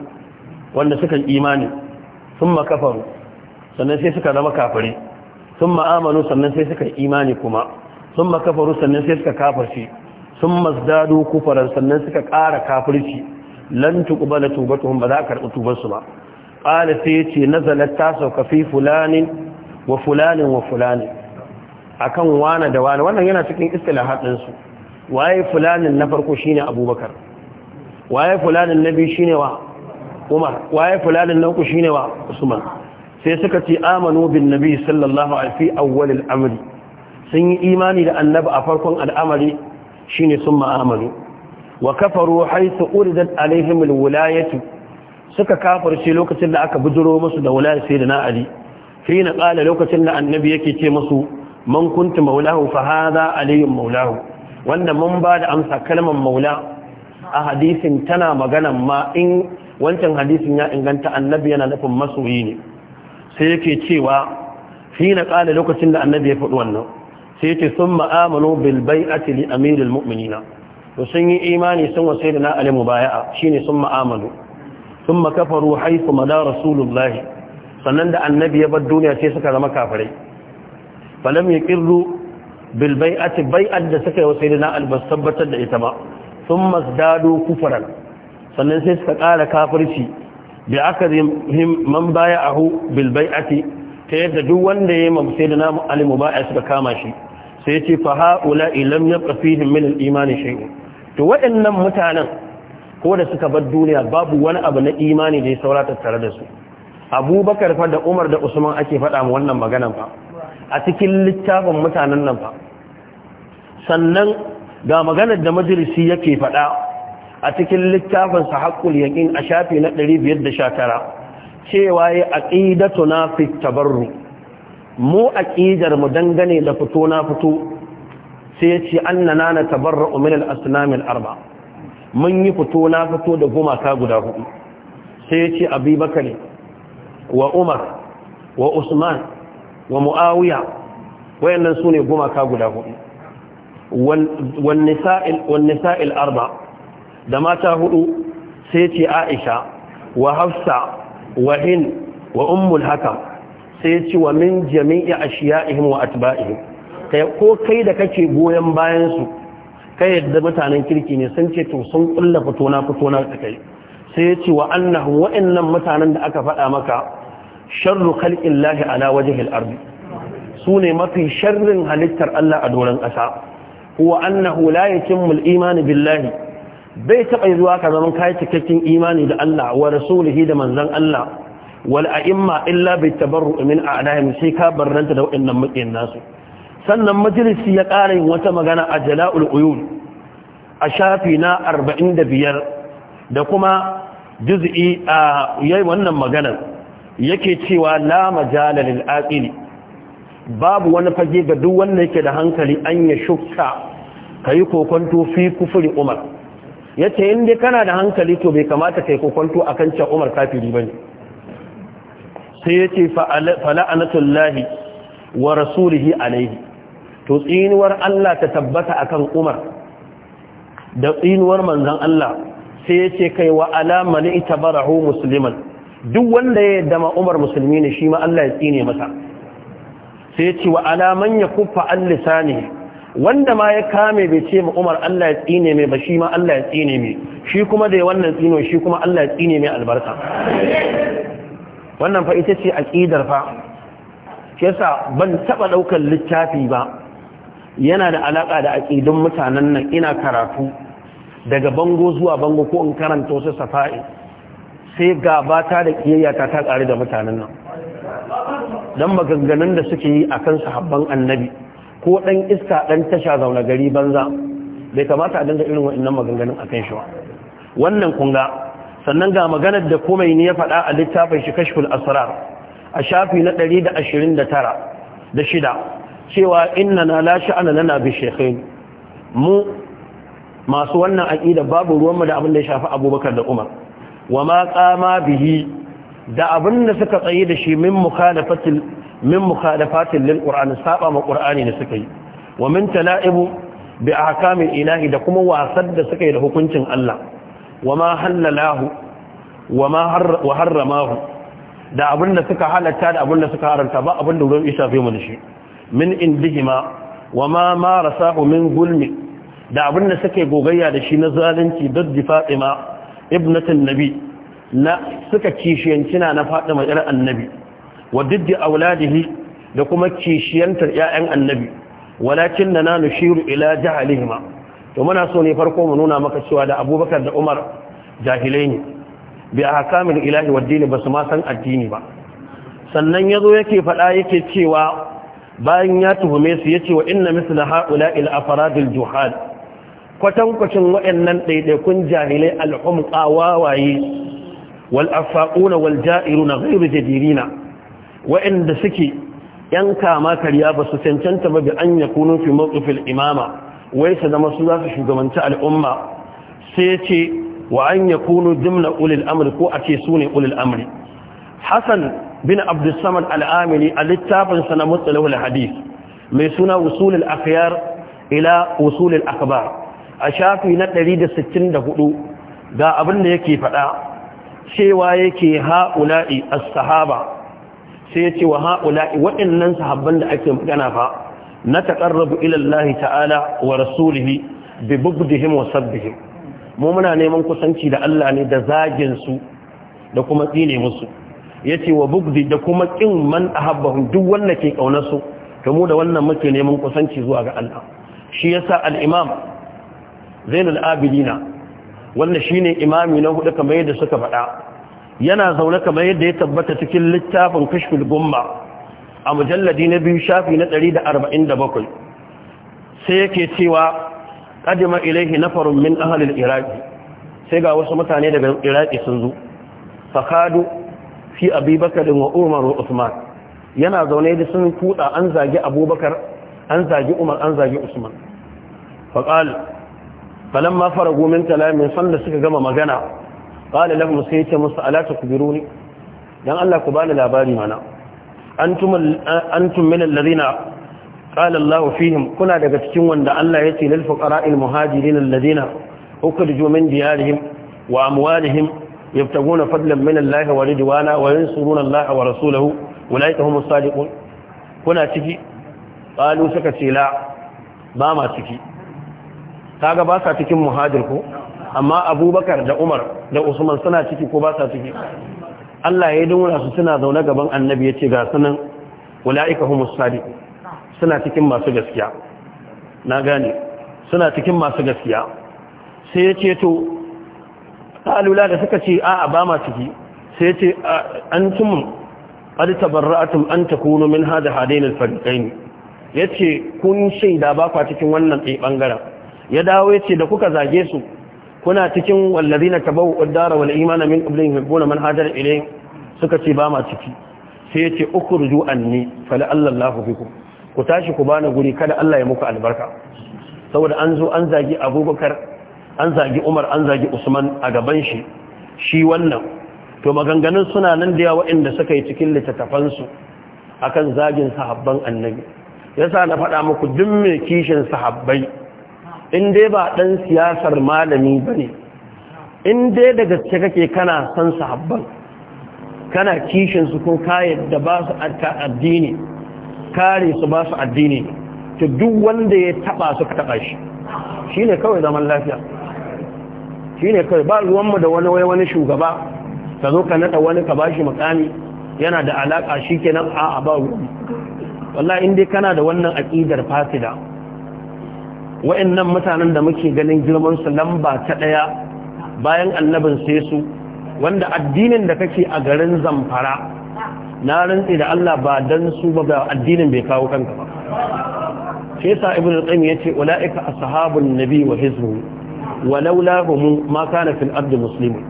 wanda suka imani thumma kafaru sannan sai suka zama kafiri thumma amanu sannan sai suka imani kuma thumma kafaru sannan sai suka kafirci thumma zdadu kufaran sannan suka ƙara kafirci lan tuqbala tubatuhum ba za ka karɓi tubansu ba qala sai yace nazalat ta sauka fi fulanin wa fulanin wa fulanin akan wana da wana wannan yana cikin istilahat ɗinsu waye fulanin na farko shine abubakar waye fulanin na biyu shine wa umar waye fulanin na uku shine wa usman sai suka ce amanu bin nabi sallallahu alaihi awwal al-amri sun yi imani da annabi a farkon al'amari shine sun ma'amalu wa kafaru haythu uridat alaihim al-wilayatu suka kafirce lokacin da aka bujiro musu da wulaya sayyidina ali hina qala lokacin da annabi yake ce musu man kuntu maulahu fa hadha aliyyun maulahu wanda mun ba da amsa kalmar maula a hadisin tana magana ma in wancan hadisin ya inganta annabi yana nufin masoyi ne sai yake cewa shi na ƙada lokacin da annabi ya faɗi wannan sai yake sun ma'amalo bilbai a tili amirul mu'minina to sun yi imani sun wasai da na alimu baya'a shine sun ma'amalo sun makafaru haifu mada rasulullahi sannan da annabi ya bar duniya sai suka zama kafirai falam ya ƙirru bil ati bai'an da suka yi wa sayyidina ali tabbatar da ita ba sun masdadu kufaran sannan sai suka ƙara kafirci bi akarihim man baya'ahu bil ati ta yadda duk wanda ya mamu sayyidina ali mubaya suka kama shi sai ce fa haula lam yabqa fihim min al iman shay'un to waɗannan mutanen ko da suka bar duniya babu wani abu na imani da ya saurata tare da su abubakar fa da umar da usman ake faɗa wannan maganan fa a cikin littafin mutanen nan fa sannan ga maganar da majalisi yake faɗa a cikin littafinsa sa yankin yaƙin a shafi na 519 cewa ya aqidatu na fi tabarru mu aqidar mu dangane da fito na fito sai ya ce annana na tabarru min al-asnam al-arba mun yi fito na fito da gumaka guda hudu sai ya ce abubakar wa umar wa usman wa muawiya wayannan sune gumaka guda hudu Hafsa wa دماتا هؤو سيتي عائشة وحفصة وهن وأم الحكم سيتي ومن جميع أشيائهم وأتبائهم ko kai da kake goyon bayansu kai yadda mutanen kirki ne sun ce to sun kulla fito na fito kai sai ya ce wa annahu mutanen da aka faɗa maka sharru khalqin lahi ala wajhil hil'arbi su ne mafi sharrin halittar Allah a doron ƙasa huwa annahu la yatimmu al-iman billahi bai taba zuwa ka zaman kai cikakken imani da Allah wa rasulihi da manzon Allah wal a'imma illa bi tabarru min a'dahim sai ka barranta da waɗannan makiyan nasu sannan majalisi ya ƙara yin wata magana a jala'ul uyun a shafi na 45 da kuma juz'i a yayin wannan maganar yake cewa la majalalil aqili babu wani fage ga duk wanda yake da hankali an ya shukka ka yi kokonto fi kufuri umar ya ce inda kana da hankali to bai kamata ka yi kokonto a kan cewa umar kafiri ba ne sai ya ce fala'anatullahi wa rasulihi alaihi to tsinuwar Allah ta tabbata akan umar da tsinuwar manzan Allah sai ya ce kai wa alamani ne ita barahu musulman duk wanda ya dama umar musulmi ne shi ma Allah ya tsine masa sai ce wa alaman ya kufa an ne wanda ma ya kame bai ce ma Umar Allah ya tsine mai ba shi ma Allah ya tsine mai shi kuma da wannan tsino shi kuma Allah ya tsine mai albarka wannan fa ita ce ƙidar fa yasa ban taɓa ɗaukar littafi ba yana da alaƙa da aqidun mutanen nan ina karatu daga bango zuwa bango ko in karanta wasu safa'i sai gabata da ƙiyayyata ta ta da mutanen nan dan maganganun da suke yi akan sahabban annabi ko dan iska dan tasha zaune gari banza bai kamata a dinga irin wa'annan maganganun kan shi wannan kunga sannan ga maganar da komai ne ya faɗa a littafin shi kashful asrar a shafi na 129 da shida cewa inna na la sha'ana lana bi shaykhain mu masu wannan aqida babu ruwanmu da abin da ya shafi Abubakar da Umar wa ma qama bihi da abin da suka tsaye da shi min mukhalafatil min mukhalafatil lil qur'an saba ma qur'ani ne suka yi wa min tala'ibu bi ahkamil ilahi da kuma wasar da suka yi da hukuncin Allah wa ma halalahu wa ma wa harramahu da abin da suka halatta da abin da suka haranta ba abin da ruwan isa fi mu da shi min indihima wa ma marasahu min gulmi da abin da suka yi gogayya da shi na zalunci daddi fatima ibnatin nabi na suka kishiyancina na fatima yar annabi wa diddi auladihi da kuma kishiyantar 'ya'yan annabi walakin na shiru ila jahalihima to muna so ne farko mu nuna maka cewa da abubakar da umar jahilai ne bi ahkamil ilahi waddini ba basu ma san addini ba sannan yazo yake faɗa yake cewa bayan ya tuhume su ce wa inna misla haula il afradil juhal kwatankwacin kwacin wayannan daidaikun jahilai al wawaye wal afaquna wal gairu ghayru jadirina wa'anda suke yan kama karya ba su cancanta ba bi an yakunu fi imama wai su zama su za su shugabanci al'umma sai ce wa an yakunu dimna ulil amri ko a ce su ulil amri Hassan bin al al'amili a littafinsa na mutsalahul hadis mai suna usulul akhyar ila usulul akbar a shafi na 164 ga abin da yake faɗa cewa yake ha'ula'i as-sahaba sai ya ce wa ha'ula'i waɗannan sahabban da ake magana fa na taqarrabu ila Allah ta'ala wa rasulihi bi bughdihim wa sabbihim mu muna neman kusanci da Allah ne da zagin su da kuma tsine musu yace wa bugdi da kuma kin man ahabbahum duk wanda ke ƙaunarsu su mu da wannan muke neman kusanci zuwa ga Allah shi yasa al-imam Zainul Abidina wanda shine imami na hudu kamar yadda suka faɗa yana zaune kamar yadda ya tabbata cikin littafin kashful gumma a mujalladi na biyu shafi na 147 sai yake cewa qadima ilaihi nafarun min ahli al-iraq sai ga wasu mutane daga iraki sun zo fakadu fi abubakar wa umar wa usman yana zaune da sun kuda an zage abubakar an zage umar an zage usman faqal ma faragu min kalamin sanda suka gama magana qala lahum sai ce musu dan Allah ku bani labari mana antum antum min alladhina qala Allah fihim kuna daga cikin wanda Allah ya ce lil fuqara'il muhajirin alladhina ukhriju min diyarihim wa amwalihim yabtaguna fadlan min Allah wa ridwana wa yansuruna Allah wa rasulahu ulaika humus sadiqun kuna ciki qalu suka ce la ba ma ciki kaga ba sa cikin muhajir ko amma abubakar da umar da usman suna ciki ko ba sa ciki Allah ya yi dunwura su suna zaune gaban annabi ya ce ga sunan wula'ika humus sadi suna cikin masu gaskiya na gane suna cikin masu gaskiya sai ya ce to alula da suka ce a a ba ma ciki sai ya ce an ad tabarra'atum an ta kuno min hada hadainul fariƙaini ya ce kun shaida ba kwa cikin wannan ɗai bangaren. ya dawo ya ce da kuka zage su kuna cikin wallazi na tabau wadara wal imana min qablin yuhibbuna man manhajar ilayhim suka ce ba ma ciki sai ya ce ukhruju anni fala allahu bikum ku tashi ku bani guri kada Allah ya muku albarka saboda an zo an zage Abubakar an zage Umar an zage Usman a gaban shi shi wannan to maganganun suna nan da yawa inda suka yi cikin littattafansu su akan zagin sahabban annabi yasa na faɗa muku duk mai kishin sahabbai in dai ba dan siyasar malami bane in dai da gaske kake kana san sahabban kana kishin su ko kayan da ba su addini kare su ba su addini to duk wanda ya taba su ka taba shi shine kawai zaman lafiya shine kawai ba ruwanmu da wani wani shugaba ka zo ka nada wani ka bashi mukami yana da alaka kenan a'a ba ruwanmu wallahi in dai kana da wannan aqidar fasida wa'annan mutanen da muke ganin girman su lamba ta ɗaya bayan annabin sai su wanda addinin da kake a garin zamfara na rantsi da Allah ba don su ba ga addinin bai kawo kanka ba sai sa ce, qayyim yace ulaika ashabun nabi wa hizbu walaula hum ma kana fil ard muslimun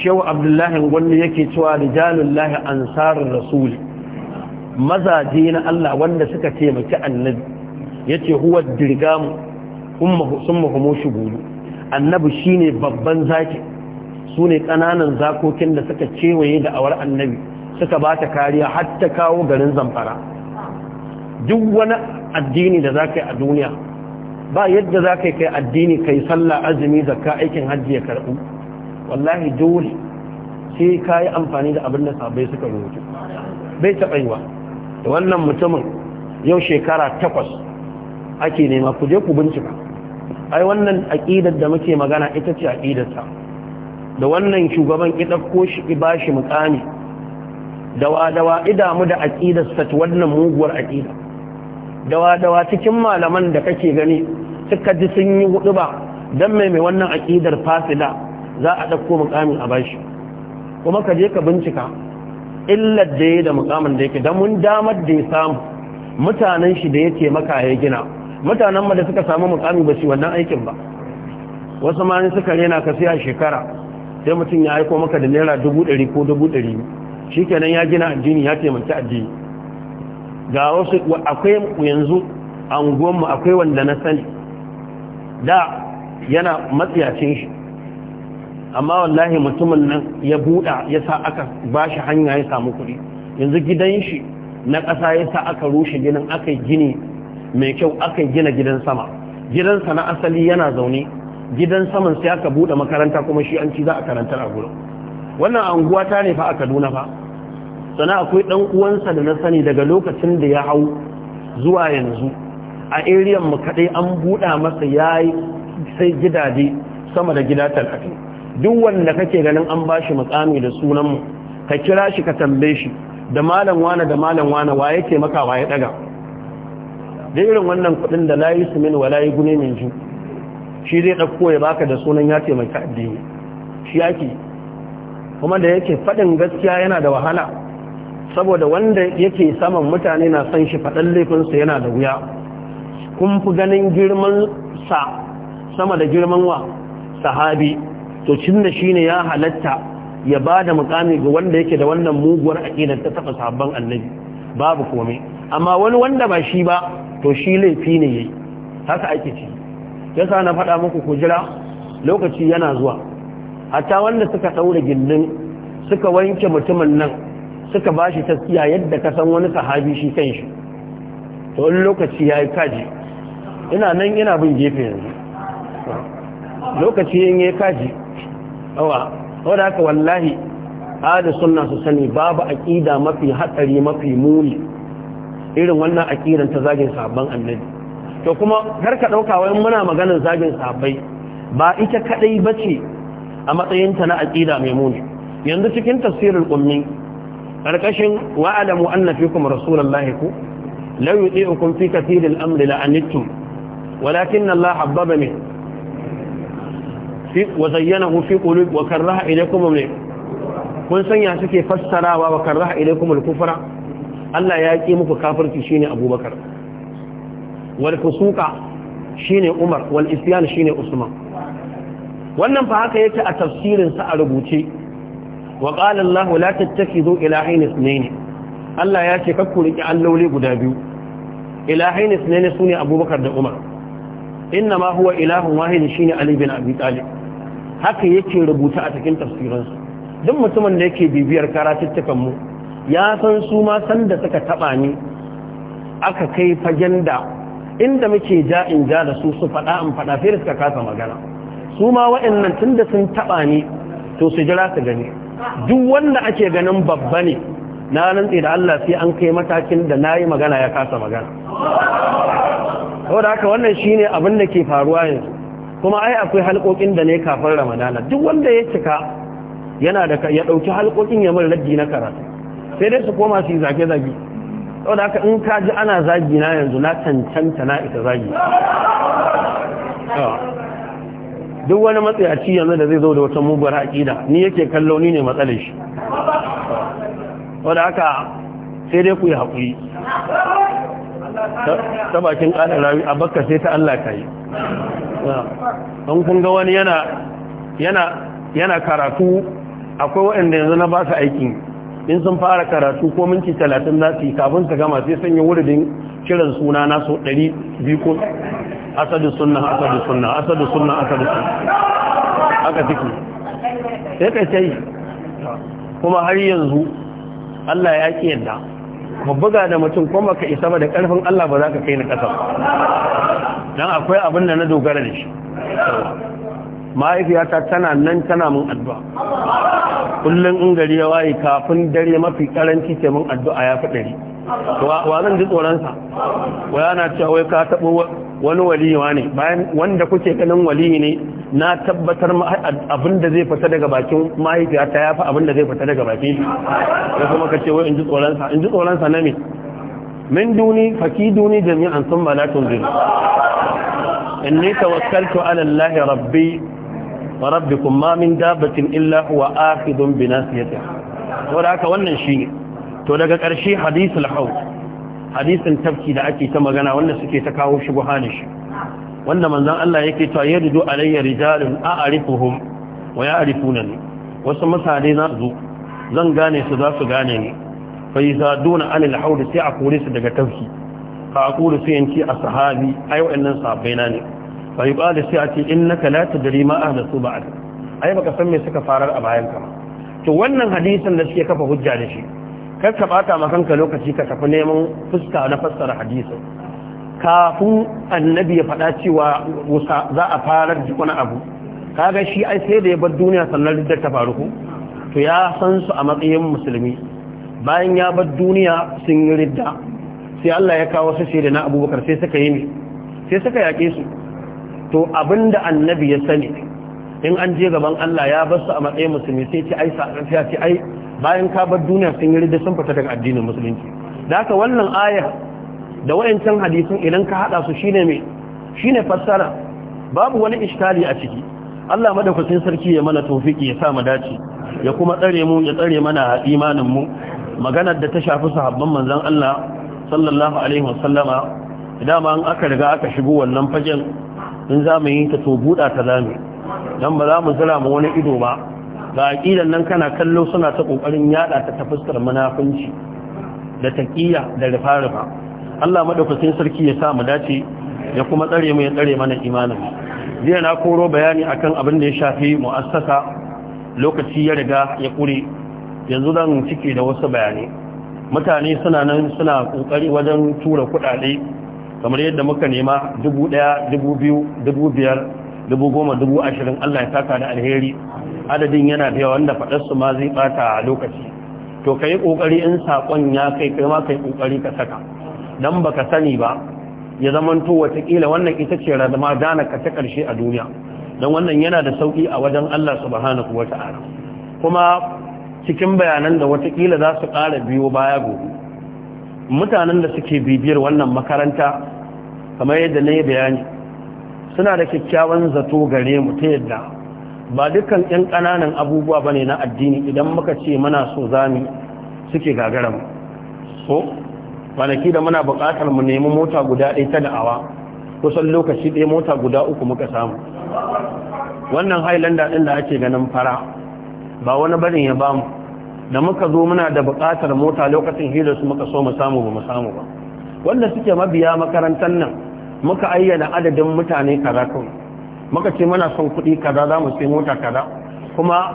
shehu abdullahi wanda yake cewa rijalullahi ansarar rasul mazaje na Allah wanda suka taimaki annabi yace huwa dirgamu umma summa shi shubudu annabi shine babban zaki su ne kananan zakokin da suka kewaye da awar annabi suka ba ta kariya har ta kawo garin zamfara duk wani addini da za ka a duniya ba yadda za ka kai addini ka yi sallah azumi zakka aikin hajji ya karɓu wallahi dole sai ka yi amfani da abin da sabai suka rubuta bai taɓa yi wa wannan mutumin yau shekara takwas ake nema ku je ku bincika ai wannan aqidar da muke magana ita ce aqidarsa da wannan shugaban ki dauko shi ki bashi mukami dawa dawa idamu da aqidarsa ta wannan muguwar aqida dawa dawa cikin malaman da kake gani suka ji sun yi hudu ba dan mai mai wannan aqidar fasila za a dauko mukamin a bashi kuma ka je ka bincika illar da ya da mukamin da yake dan mun damar da ya samu mutanen shi da ya ce maka ya gina mutanen mu da suka samu mukami ba su wannan aikin ba wasu ma suka rena ka siya shekara sai mutum ya aiko maka da naira dubu ɗari ko dubu ɗari shikenan ya gina addini ya taimaki addini ga wasu akwai yanzu a akwai wanda na sani da yana matsiyacin shi amma wallahi mutumin nan ya buɗa ya sa aka ba shi hanya ya samu kuɗi yanzu gidan shi na ƙasa ya sa aka rushe ginin aka gini mai kyau aka gina gidan sama gidansa na asali yana zaune gidan saman sai aka buɗe makaranta kuma shi an ci za a karantar a gurin wannan anguwa ta ne fa a kaduna fa sana akwai ɗan uwansa da na sani daga lokacin da ya hau zuwa yanzu a area mu kadai an buɗa masa yayi sai gidaje sama da gida talatin duk wanda kake ganin an bashi shi da da mu ka kira shi ka tambaye shi da malam wana da malam wana wa ya maka wa ya ɗaga da irin wannan kuɗin da layi su min wala yi gune min ji shi zai ɗauko ya baka da sunan ya taimaki addini shi ake kuma da yake faɗin gaskiya yana da wahala saboda wanda yake saman mutane na son shi faɗin laifinsa yana da wuya kun fi ganin girman sa sama da girman wa sahabi to cin da shi ne ya halatta ya ba da mukami ga wanda yake da wannan muguwar aƙidar ta taɓa sabon annabi babu komai amma wani wanda ba shi ba to shi laifi ne yayi haka ake ci yasa na faɗa muku ku jira lokaci yana zuwa hatta wanda suka ɗaure gindin suka wanke mutumin nan suka ba shi taskiya yadda ka san wani sahabi shi kan shi to wani lokaci ya yi kaji ina nan ina bin gefe yanzu lokaci yin ya kaji awa wadda haka wallahi ahadu suna su sani babu aƙida mafi hatsari mafi muni irin wannan akidan ta zagin sahabban annabi to kuma kar ka dauka wai muna maganar zagin sahabbai ba ita kadai bace a matsayin ta na akida mai muni yanzu cikin tafsirul ummi karkashin wa'alamu anna fikum rasulullahi ku law yuti'ukum fi kathiril amri anittum. walakin Allah habbaba min fi wazayyanahu fi qulub wa karaha ilaykum min kun sanya suke fassarawa wa karaha ilaykum al-kufra Allah ya ƙi muku kafirci shine Abubakar wal fusuqa shine Umar wal isyan shine Usman wannan fa haka yake a tafsirin sa a rubuce wa qala Allah la tattakhidhu ilahayn ithnayn Allah ya ce kakku riki alloli guda biyu ilahayn ithnayn sune Abubakar da Umar inna ma huwa ilahun wahid shine Ali bin Abi Talib haka yake rubuta a cikin tafsirinsu. duk mutumin da yake bibiyar karatuttukan mu ya san su ma san da suka taba ni aka kai fagen da inda muke ja in ja da su su faɗa in faɗa sai suka kasa magana su ma wa'annan tun da sun taba ni to su jira su gani duk wanda ake ganin babba ne na rantse da Allah sai an kai matakin da nayi magana ya kasa magana saboda haka wannan shine abin da ke faruwa yanzu kuma ai akwai halƙoƙin da ne kafin ramadana duk wanda ya cika yana da ya ɗauki halƙoƙin ya min raddi na karatu sai dai su koma su yi zage-zage sau da haka in kaji ana zagi na yanzu na cancanta na ita zagi duk wani matsayaci yanzu da zai zo da wata muguwar aƙida ni yake kallo ni ne matsalar shi sau da haka sai dai ku yi haƙuri ta bakin ƙarar rawi a bakka sai ta Allah ka yi don kun ga wani yana karatu akwai waɗanda yanzu na ba su aikin in sun fara karatu ko minti talatin za su yi kafin su gama sai sun yi wurin kiran suna na so ɗari biyu ko asadu sunna asadu sunna asadu sunna asadu sunna haka take sai kai sai kuma har yanzu Allah ya ki yadda mu buga da mutum ko maka isa ba da karfin Allah ba za ka kai ni ƙasa dan akwai abin da na dogara da shi Ma'aikiyata tana nan tana mun addu'a kullum in gari ya waye kafin dare mafi karanci ce mun addu'a ya fi ɗari wa zan ji tsoronsa wa yana cewa wai ka taɓo wani waliwa ne bayan wanda kuke ganin waliyi ne na tabbatar abin da zai fita daga bakin ma'aikiyata ya fi abin da zai fita daga bakin ya kuma ka ce wai in ji tsoronsa in ji tsoronsa na me min duni faki duni jami'an sun malatun zai inni tawakkaltu ala allahi rabbi wa rabbikum ma min dabbatin illa huwa akhidun bi nasiyatiha da haka wannan shine to daga ƙarshe hadisul haud hadisin tafki da ake ta magana wanda suke ta kawo shi buhani shi wanda manzon Allah yake cewa yarju alayya rijalun a'rifuhum wa ya'rifunani wasu mutane za su zan gane su za su gane ni fa yazaduna anil haud sai a kore su daga tafki ka a kore su a sahabi? ai wa'annan sahabbai na ne fa yi ƙwada sai a ce in na kalata da rima a da su ba ai baka san me suka farar a bayan kama to wannan hadisin da suke kafa hujja da shi kar ka bata ma kanka lokaci ka tafi neman fuska na fassara hadisan. kafin annabi ya faɗa cewa wusa za a farar da wani abu kaga shi ai sai da ya bar duniya sannan da ta faru ku to ya san su a matsayin musulmi bayan ya bar duniya sun yi ridda sai Allah ya kawo su da na abubakar sai suka yi ne sai suka yaƙe su to abinda annabi ya sani in an je gaban Allah ya bar su a matsayin musulmi sai ce ai sa'a ce ai bayan ka bar duniya sun yi sun fita daga addinin musulunci da haka wannan aya da wayancan hadisin idan ka hada su shine me shine fassara babu wani iskali a ciki Allah madaukakin sarki ya mana tawfiki ya sa mu dace ya kuma tsare mu ya tsare mana imanin mu maganar da ta shafi sahabban manzon Allah sallallahu alaihi wasallama dama an aka riga aka shigo wannan fagen in za mu yi ta to buɗa ta zame, don ba za mu zira ma wani ido ba ga aƙidan nan kana kallo suna ta ƙoƙarin yaɗa ta ta fuskar munafunci da taƙiyya da rufa-rufa Allah maɗaukacin sarki ya sa mu dace ya kuma tsare mu ya tsare mana imanin jiya na koro bayani akan abin da ya shafi mu'assasa lokaci ya riga ya ƙure, yanzu zan cike da wasu bayanai mutane suna nan suna ƙoƙari wajen tura kuɗaɗe kamar yadda muka nema dubu ɗaya dubu biyu dubu biyar dubu goma dubu ashirin Allah ya taka da alheri adadin yana da yawa wanda faɗarsu ma zai ɓata a lokaci to ka yi ƙoƙari in saƙon ya kai kai ma ka yi ƙoƙari ka saka don ba ka sani ba ya zamanto watakila wannan ita ce radama dana ka ta ƙarshe a duniya don wannan yana da sauƙi a wajen Allah subhanahu wa ta'ala kuma cikin bayanan da watakila za su ƙara biyo baya gobe mutanen da suke bibiyar wannan makaranta kamar yadda na yi bayani suna da kyakkyawan zato gare mu ta yadda ba dukkan 'yan ƙananan abubuwa ba ne na addini idan muka ce mana so zami suke gagara mu so kwanaki da muna buƙatar mu nemi mota guda ɗaya ta da'awa kusan lokaci ɗaya mota guda uku muka samu wannan hailanda ɗin da ake ganin fara ba wani barin ya bamu da muka zo muna da buƙatar mota lokacin su muka so mu samu ba mu samu ba wanda suke mabiya makarantar nan muka ayyana adadin mutane kaza muka ce muna son kuɗi kaza za mu sai mota kaza kuma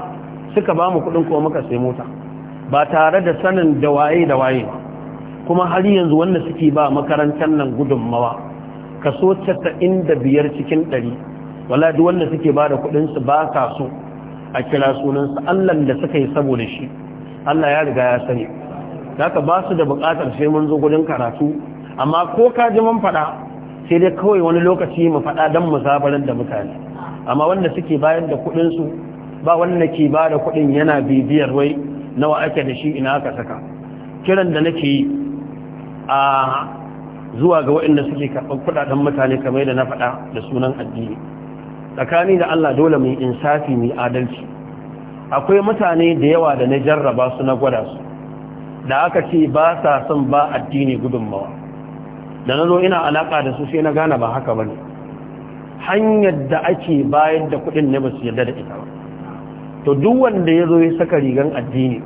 suka ba mu kuɗin kuma muka sai mota ba tare da sanin da waye da waye kuma har yanzu wanda suke ba makarantar nan gudunmawa kaso biyar cikin ɗari wala duk wanda suke ba da kuɗin su ba ka so a kira su Allah da suka yi saboda shi Allah ya riga ya sani zaka ba su da buƙatar sai mun zo gudun karatu amma ko ka ji mun faɗa sai dai kawai wani lokaci mu faɗa don mu da mutane amma wanda suke bayar da kuɗinsu ba wanda ke ba da kuɗin yana bibiyar wai nawa ake da shi ina aka saka kiran da nake yi a zuwa ga waɗanda suke karɓar kuɗaɗen mutane kamar da na faɗa da sunan addini tsakani da Allah dole mu insafi mu adalci akwai mutane da yawa da na jarraba su na gwada su da aka ce ba sa son ba addini gudunmawa da na zo ina alaƙa da su sai na gane ba haka bane hanyar da ake bayar da kuɗin ne ba su yarda da ita ba to duk wanda ya zo ya saka rigan addini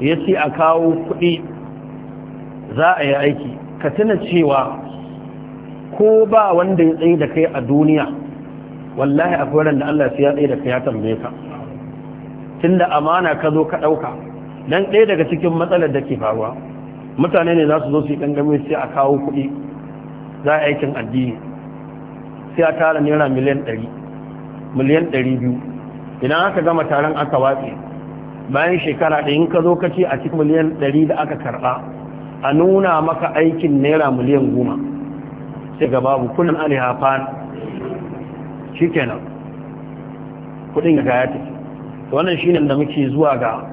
ya ce a kawo kuɗi za a yi aiki ka tuna cewa ko ba wanda ya tsaye da kai a duniya wallahi a ran da Allah ya tsaye da kai ya tambaye ka tunda amana ka zo ka ɗauka dan ɗaya daga cikin matsalar da ke faruwa mutane ne za su zo su yi gangami sai a kawo kuɗi za a aikin addini sai a tara naira miliyan ɗari miliyan ɗari biyu idan aka gama taron aka watse bayan shekara ɗayin ka zo ka a cikin miliyan ɗari da aka karɓa a nuna maka aikin naira miliyan goma sai ga babu kullum an lihafan. shi kenan kuɗin ga ya tafi wannan shine da muke zuwa ga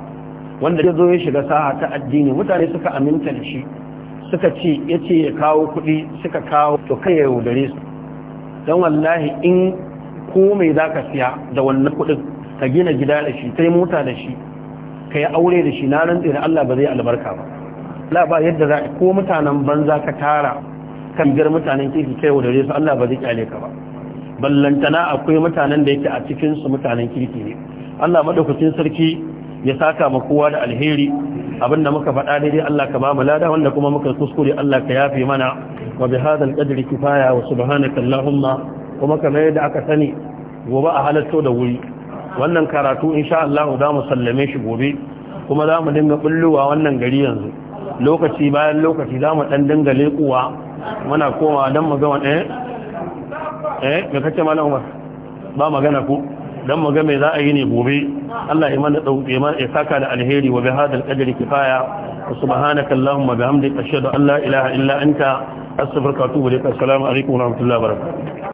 wanda ya zo ya shiga saha ta addini mutane suka aminta da shi suka ce ya ce ya kawo kuɗi suka kawo to kai ya yaudare su don wallahi in ko mai za ka siya da wannan kuɗin ka gina gida da shi yi mota da shi ka yi aure da shi na rantsi da Allah ba zai albarka ba la ba yadda za ko mutanen banza ka tara kan gar mutanen kirki kai yaudare su Allah ba zai kyale ka ba ballantana akwai mutanen da yake a cikin su mutanen kirki ne Allah madaukakin sarki ya saka ma kowa da alheri abinda muka faɗa daidai Allah ka ba mu lada wanda kuma muka kuskure Allah ka yafi mana wa bi hadal qadri kifaya wa subhanaka allahumma kuma kamar yadda aka sani gobe a halatto da wuri wannan karatu insha Allah za mu sallame shi gobe kuma za mu dinga bullowa wannan gari yanzu lokaci bayan lokaci za mu dan dinga lekuwa muna komawa dan mu ga wani eh eh me kace malam ba magana ko. dan mu ga mai za a yi ne gobe Allah ya mana dauke mana ya saka da alheri wa bi hadal qadri kifaya subhanaka allahumma bihamdika ashhadu an la ilaha illa anta astaghfiruka wa atubu ilaik assalamu alaikum wa rahmatullahi wa barakatuh